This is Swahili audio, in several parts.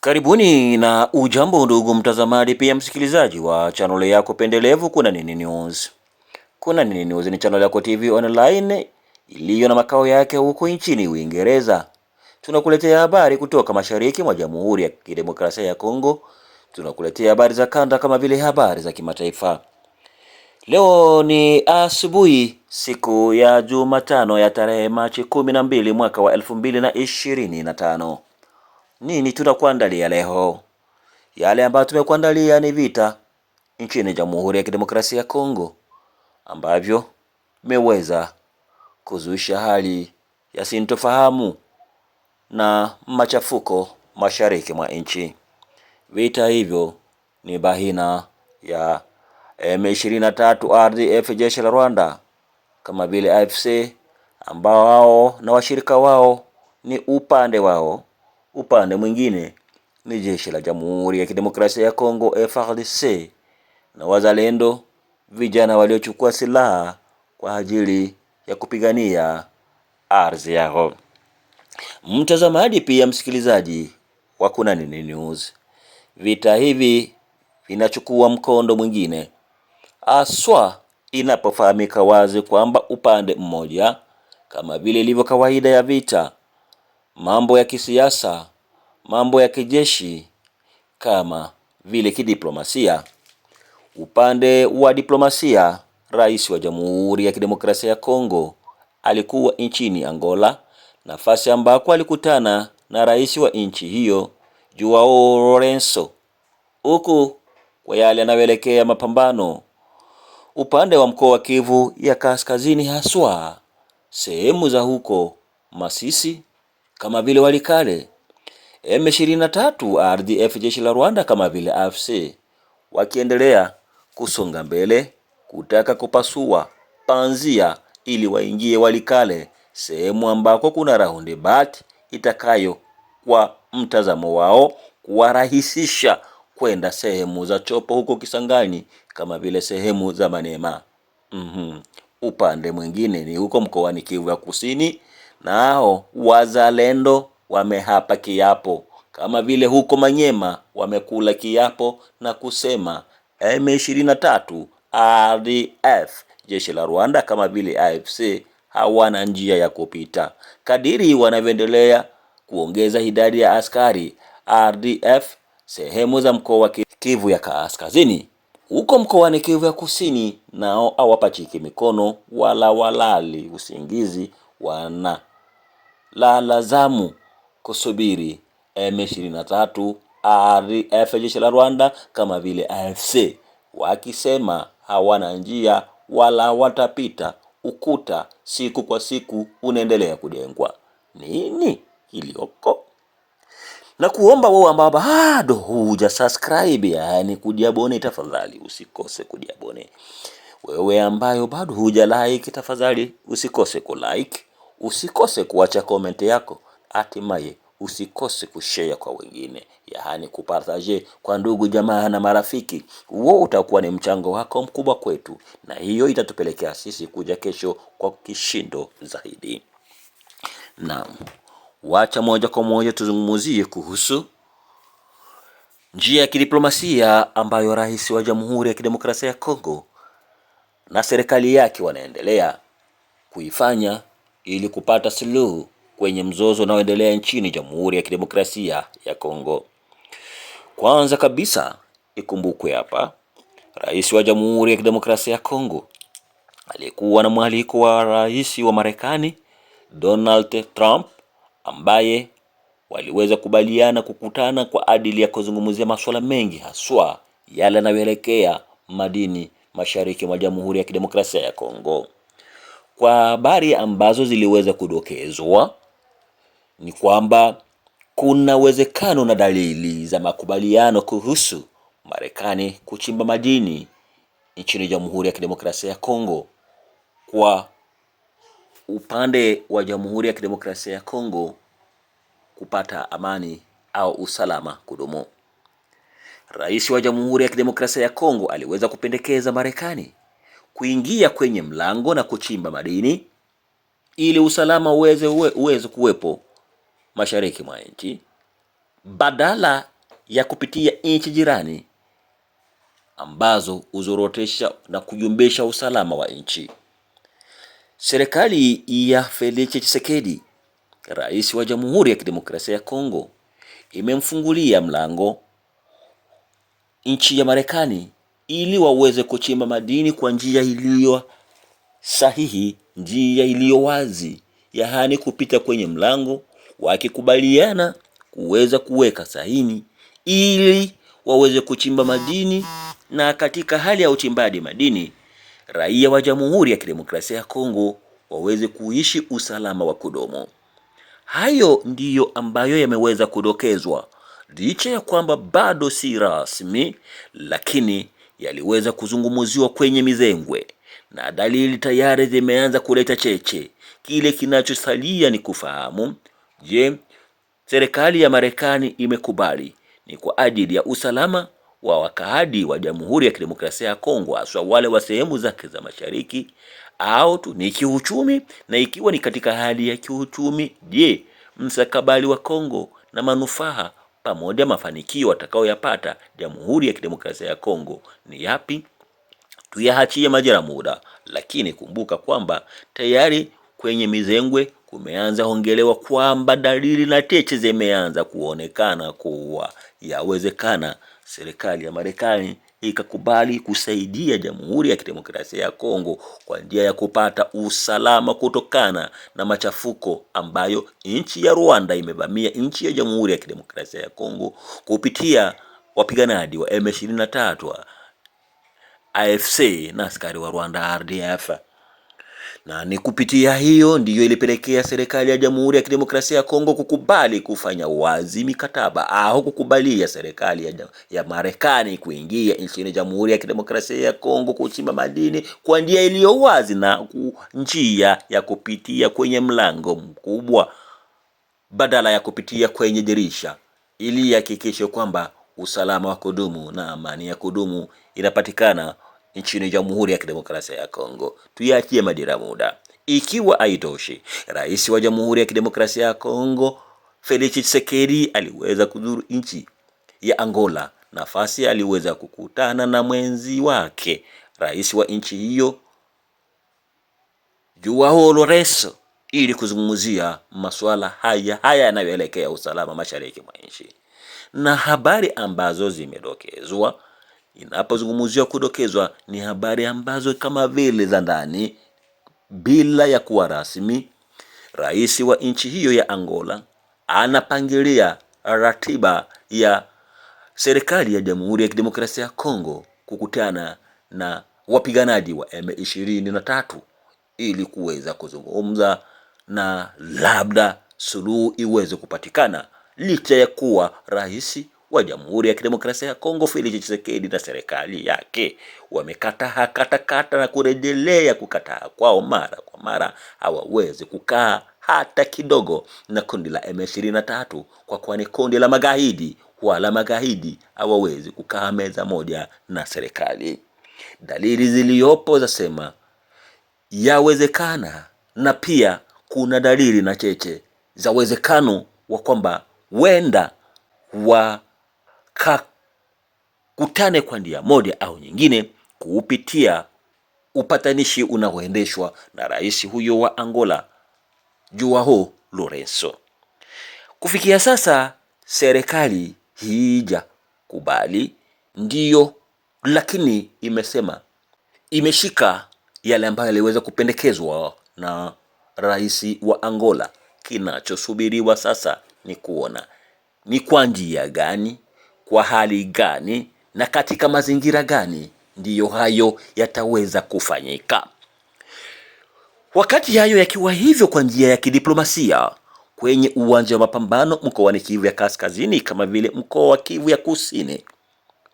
Karibuni na ujambo ndugu mtazamaji, pia msikilizaji wa channel yako pendelevu Kuna Nini News. Kuna Nini News ni channel yako TV online iliyo na makao yake huko nchini Uingereza. Tunakuletea habari kutoka mashariki mwa Jamhuri ya Kidemokrasia ya Kongo. Tunakuletea habari za kanda kama vile habari za kimataifa. Leo ni asubuhi, siku ya Jumatano ya tarehe Machi kumi na mbili mwaka wa elfu mbili na ishirini na tano nini tunakuandalia leo? Yale ambayo tumekuandalia ni vita nchini Jamhuri ya Kidemokrasia ya Kongo ambavyo meweza kuzusha hali ya sintofahamu na machafuko mashariki mwa nchi. Vita hivyo ni bahina ya M23 RDF, jeshi la Rwanda kama vile AFC ambao wao na washirika wao ni upande wao Upande mwingine ni jeshi la Jamhuri ya Kidemokrasia ya Kongo FARDC na wazalendo, vijana waliochukua silaha kwa ajili ya kupigania ardhi yao. Mtazamaji pia msikilizaji wa Kuna Nini News, vita hivi vinachukua mkondo mwingine, aswa inapofahamika wazi kwamba upande mmoja, kama vile ilivyo kawaida ya vita, mambo ya kisiasa mambo ya kijeshi kama vile kidiplomasia. Upande wa diplomasia, rais wa Jamhuri ya Kidemokrasia ya Kongo alikuwa nchini Angola, nafasi ambako alikutana na rais wa nchi hiyo Joao Lorenzo. huku kwa yale yanayoelekea mapambano upande wa mkoa wa Kivu ya Kaskazini, haswa sehemu za huko Masisi kama vile Walikale M23 RDF, jeshi la Rwanda kama vile AFC wakiendelea kusonga mbele kutaka kupasua panzia ili waingie Walikale, sehemu ambako kuna bat itakayo kwa mtazamo wao kuwarahisisha kwenda sehemu za Chopo huko Kisangani kama vile sehemu za Manema. mm -hmm. Upande mwingine ni huko mkoani Kivu ya Kusini, nao wazalendo wamehapa kiapo, kama vile huko Manyema wamekula kiapo na kusema M23 RDF, jeshi la Rwanda kama vile AFC hawana njia ya kupita. Kadiri wanavyoendelea kuongeza idadi ya askari RDF sehemu za mkoa wa Kivu ya Kaskazini, huko mkoani Kivu ya Kusini nao hawapachiki mikono wala walali usingizi, wana lala zamu kusubiri M23 RF jeshi la Rwanda kama vile AFC wakisema hawana njia wala watapita. Ukuta siku kwa siku unaendelea kujengwa. Nini iliyoko? na kuomba wewe ambao bado huja subscribe, yani kujiabone, tafadhali usikose kujiabone. Wewe ambayo bado huja like, tafadhali usikose ku like, usikose kuacha comment yako hatimaye usikose kushea kwa wengine, yaani kupartaje kwa ndugu jamaa na marafiki. Huo utakuwa ni mchango wako mkubwa kwetu, na hiyo itatupelekea sisi kuja kesho kwa kishindo zaidi. Naam, wacha moja kwa moja tuzungumzie kuhusu njia ya kidiplomasia ambayo rais wa Jamhuri ya Kidemokrasia ya Kongo na serikali yake wanaendelea kuifanya ili kupata suluhu kwenye mzozo unaoendelea nchini Jamhuri ya Kidemokrasia ya Kongo. Kwanza kabisa ikumbukwe hapa, rais wa Jamhuri ya Kidemokrasia ya Kongo aliyekuwa na mwaliko wa rais wa Marekani Donald Trump ambaye waliweza kubaliana kukutana kwa ajili ya kuzungumzia masuala mengi haswa yale yanayoelekea madini mashariki mwa Jamhuri ya Kidemokrasia ya Kongo. Kwa habari ambazo ziliweza kudokezwa ni kwamba kuna uwezekano na dalili za makubaliano kuhusu Marekani kuchimba madini nchini Jamhuri ya Kidemokrasia ya Kongo. Kwa upande wa Jamhuri ya Kidemokrasia ya Kongo kupata amani au usalama kudumu, Rais wa Jamhuri ya Kidemokrasia ya Kongo aliweza kupendekeza Marekani kuingia kwenye mlango na kuchimba madini ili usalama uweze uwe, uweze kuwepo mashariki mwa nchi badala ya kupitia nchi jirani ambazo huzorotesha na kuyumbisha usalama wa nchi. Serikali ya Felix Tshisekedi, rais wa Jamhuri ya Kidemokrasia ya Kongo, imemfungulia mlango nchi ya Marekani ili waweze kuchimba madini kwa njia iliyo sahihi, njia iliyo wazi, yaani kupita kwenye mlango wakikubaliana kuweza kuweka saini ili waweze kuchimba madini, na katika hali ya uchimbaji madini raia wa Jamhuri ya Kidemokrasia ya Kongo waweze kuishi usalama wa kudumu. Hayo ndiyo ambayo yameweza kudokezwa, licha ya kwamba bado si rasmi, lakini yaliweza kuzungumziwa kwenye mizengwe na dalili tayari zimeanza kuleta cheche. Kile kinachosalia ni kufahamu Je, serikali ya Marekani imekubali ni kwa ajili ya usalama wa wakaadi wa Jamhuri ya Kidemokrasia ya Kongo, haswa wale wa sehemu zake za mashariki, au tu ni kiuchumi? Na ikiwa ni katika hali ya kiuchumi, je, msakabali wa Kongo na manufaa pamoja mafanikio watakaoyapata Jamhuri ya Kidemokrasia ya Kongo ni yapi? Tuyaachie majira muda, lakini kumbuka kwamba tayari kwenye mizengwe kumeanza hongelewa kwamba dalili na teche zimeanza kuonekana kuwa yawezekana serikali ya Marekani ikakubali kusaidia Jamhuri ya Kidemokrasia ya Kongo kwa njia ya kupata usalama kutokana na machafuko ambayo nchi ya Rwanda imevamia nchi ya Jamhuri ya Kidemokrasia ya Kongo kupitia wapiganaji wa M23 AFC na askari wa Rwanda RDF na ni kupitia hiyo ndiyo ilipelekea serikali ya Jamhuri ya Kidemokrasia ya Kongo kukubali kufanya wazi mikataba au kukubalia serikali ya, ya Marekani kuingia nchini Jamhuri ya Kidemokrasia ya Kongo kuchimba madini kwa njia iliyo wazi na njia ya kupitia kwenye mlango mkubwa badala ya kupitia kwenye dirisha ili ihakikishe kwamba usalama wa kudumu na amani ya kudumu inapatikana nchini Jamhuri ya Kidemokrasia ya Kongo. Tuiachie madira muda. Ikiwa haitoshi, rais wa Jamhuri ya Kidemokrasia ya Kongo Felix Tshisekedi aliweza kuzuru nchi ya Angola, nafasi aliweza kukutana na mwenzi wake rais wa nchi hiyo Joao Lourenço ili kuzungumzia masuala haya haya yanayoelekea usalama mashariki mwa nchi na habari ambazo zimedokezwa Inapozungumziwa kudokezwa, ni habari ambazo kama vile za ndani, bila ya kuwa rasmi. Rais wa nchi hiyo ya Angola anapangilia ratiba ya serikali ya Jamhuri ya Kidemokrasia ya Kongo kukutana na wapiganaji wa M23 ili kuweza kuzungumza na labda suluhu iweze kupatikana, licha ya kuwa rais wa Jamhuri ya Kidemokrasia ya Kongo Felix Tshisekedi na serikali yake wamekataa katakata na kurejelea kukataa kwao mara kwa mara. Hawawezi kukaa hata kidogo na kundi la M23 kwa kuwa ni kundi la magaidi, wala magaidi hawawezi kukaa meza moja na serikali. Dalili ziliyopo zasema yawezekana, na pia kuna dalili na cheche za uwezekano wa kwamba wenda wa kakutane kwa njia moja au nyingine kupitia upatanishi unaoendeshwa na rais huyo wa Angola Joao Lourenco. Kufikia sasa serikali hiija kubali ndiyo, lakini imesema imeshika yale ambayo yaliweza kupendekezwa na rais wa Angola. Kinachosubiriwa sasa ni kuona ni kwa njia gani kwa hali gani na katika mazingira gani ndiyo hayo yataweza kufanyika. Wakati hayo yakiwa hivyo, kwa njia ya kidiplomasia kwenye uwanja wa mapambano mkoani Kivu ya Kaskazini kama vile mkoa wa Kivu ya Kusini,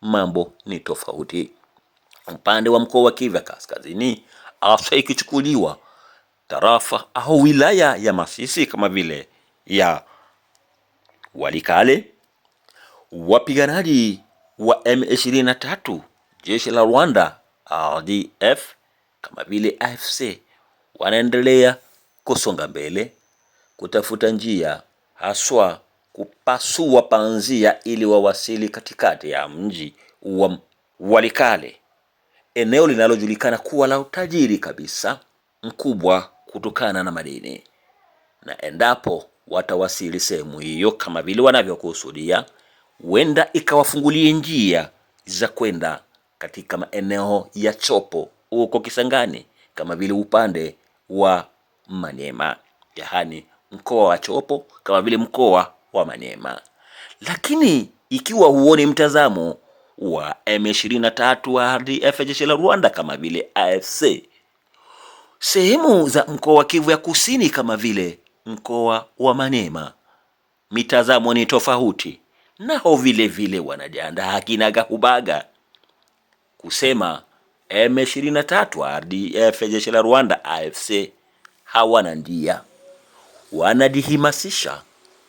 mambo ni tofauti. Upande wa mkoa wa Kivu ya Kaskazini, hasa ikichukuliwa tarafa au wilaya ya Masisi kama vile ya Walikale, Wapiganaji wa M23, jeshi la Rwanda RDF kama vile AFC wanaendelea kusonga mbele kutafuta njia, haswa kupasua panzia ili wawasili katikati ya mji wa Walikale, eneo linalojulikana kuwa la utajiri kabisa mkubwa kutokana na madini, na endapo watawasili sehemu hiyo kama vile wanavyokusudia huenda ikawafungulie njia za kwenda katika maeneo ya chopo huko Kisangani, kama vile upande wa Manyema, yaani mkoa wa Chopo kama vile mkoa wa Manyema. Lakini ikiwa huoni mtazamo wa M23 RDF, jeshi la Rwanda kama vile AFC, sehemu za mkoa wa Kivu ya Kusini kama vile mkoa wa Manyema, mitazamo ni tofauti nao vile vile wanajiandaa akinagahubaga kusema M23 RDF, jeshi la Rwanda, AFC hawana ndia, wanajihimasisha,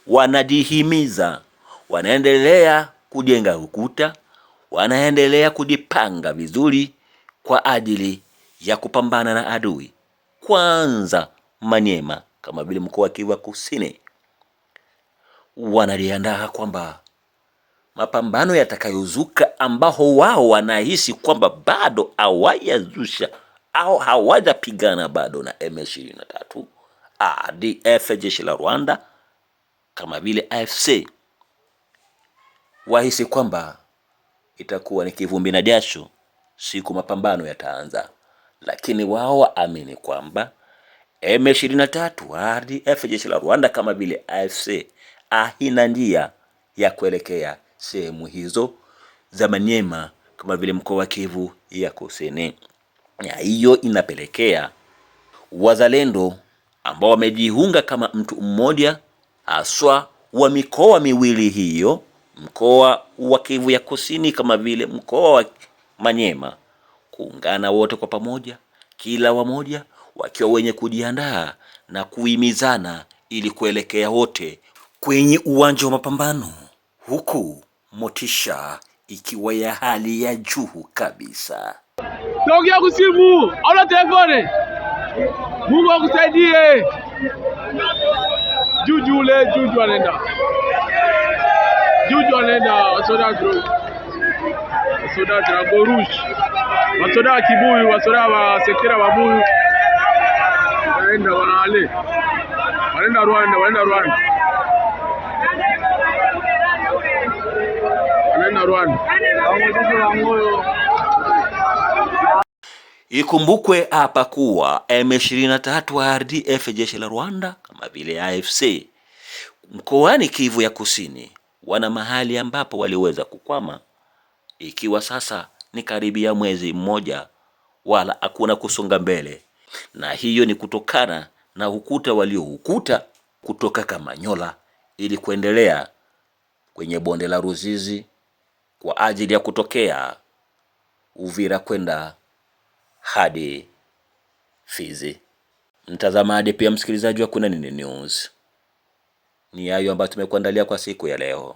wanajihimiza, wanaendelea kujenga ukuta, wanaendelea kujipanga vizuri kwa ajili ya kupambana na adui. Kwanza Manyema, kama vile mkoa wa Kivu Kusini, wanajiandaa kwamba mapambano yatakayozuka ambao wao wanahisi kwamba bado hawajazusha au hawajapigana bado na M23, ADF, jeshi la Rwanda kama vile AFC, wahisi kwamba itakuwa ni kivumbi na jasho siku mapambano yataanza, lakini wao waamini kwamba M23, ADF, jeshi la Rwanda kama vile AFC ahina njia ya kuelekea sehemu hizo za Manyema kama vile mkoa wa Kivu ya Kusini. Hiyo inapelekea wazalendo ambao wamejiunga kama mtu mmoja haswa wa mikoa miwili hiyo, mkoa wa Kivu ya Kusini kama vile mkoa wa Manyema, kuungana wote kwa pamoja, kila wamoja wakiwa wenye kujiandaa na kuhimizana ili kuelekea wote kwenye uwanja wa mapambano, huku motisha ikiwa ya hali ya juu kabisa. Naongea kusimu aona telefone. Mungu akusaidie. Juju le Juju anaenda, Juju anaenda wasoda wasoda Dragorush, wasoda wa Kibuyu, wasoda wa sekera wa Buyu wanaenda wanaale, wanaenda Rwanda, wanaenda Rwanda. na Rwanda. Ikumbukwe hapa kuwa M23 wa RDF jeshi la Rwanda kama vile AFC mkoani Kivu ya Kusini wana mahali ambapo waliweza kukwama, ikiwa sasa ni karibia mwezi mmoja, wala hakuna kusonga mbele, na hiyo ni kutokana na ukuta walioukuta kutoka Kamanyola ili kuendelea kwenye bonde la Ruzizi kwa ajili ya kutokea Uvira kwenda hadi Fizi. Mtazamaji pia msikilizaji wa Kuna Nini News, ni hayo ambayo tumekuandalia kwa siku ya leo.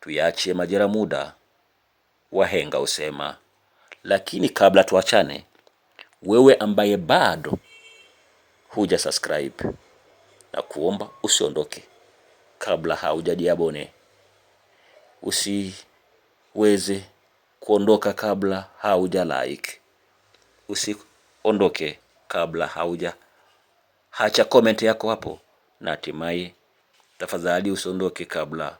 Tuyaachie majira, muda wahenga usema. Lakini kabla tuachane, wewe ambaye bado huja subscribe na kuomba usiondoke kabla haujajiabone usi uweze kuondoka kabla like. Usiondoke kabla hauja hacha comment yako hapo, na hatimaye tafadhali usiondoke kabla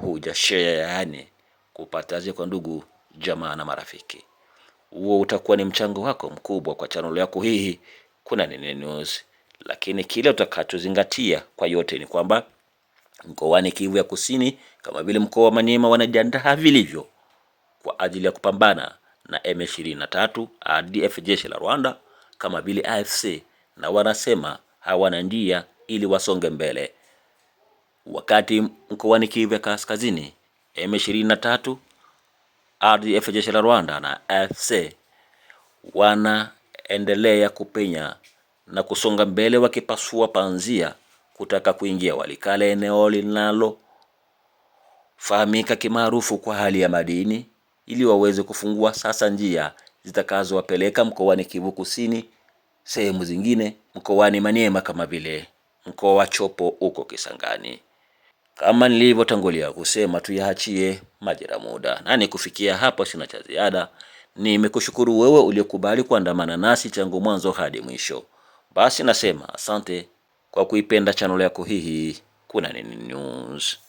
huja share, yaani kupataje kwa ndugu jamaa na marafiki. Huo utakuwa ni mchango wako mkubwa kwa channel yako hii Kuna Nini News, lakini kile utakachozingatia kwa yote ni kwamba mkoani Kivu ya Kusini kama vile mkoa wa Maniema wanajiandaa vilivyo kwa ajili ya kupambana na M23 ADF jeshi la Rwanda kama vile AFC na wanasema hawana njia ili wasonge mbele, wakati mkoani Kivu ya Kaskazini M23 RDF jeshi la Rwanda na AFC wanaendelea kupenya na kusonga mbele wakipasua panzia kutaka kuingia. Walikala eneo linalofahamika kimaarufu kwa hali ya madini ili waweze kufungua sasa njia zitakazowapeleka mkoani Kivu Kusini, sehemu zingine mkoani Maniema kama vile mkoa wa Chopo huko Kisangani. Kama nilivyotangulia kusema, tuyaachie majira muda, nani kufikia hapo, sina cha ziada. Nimekushukuru wewe uliokubali kuandamana nasi tangu mwanzo hadi mwisho. Basi nasema asante kwa kuipenda channel yako hii Kuna Nini News.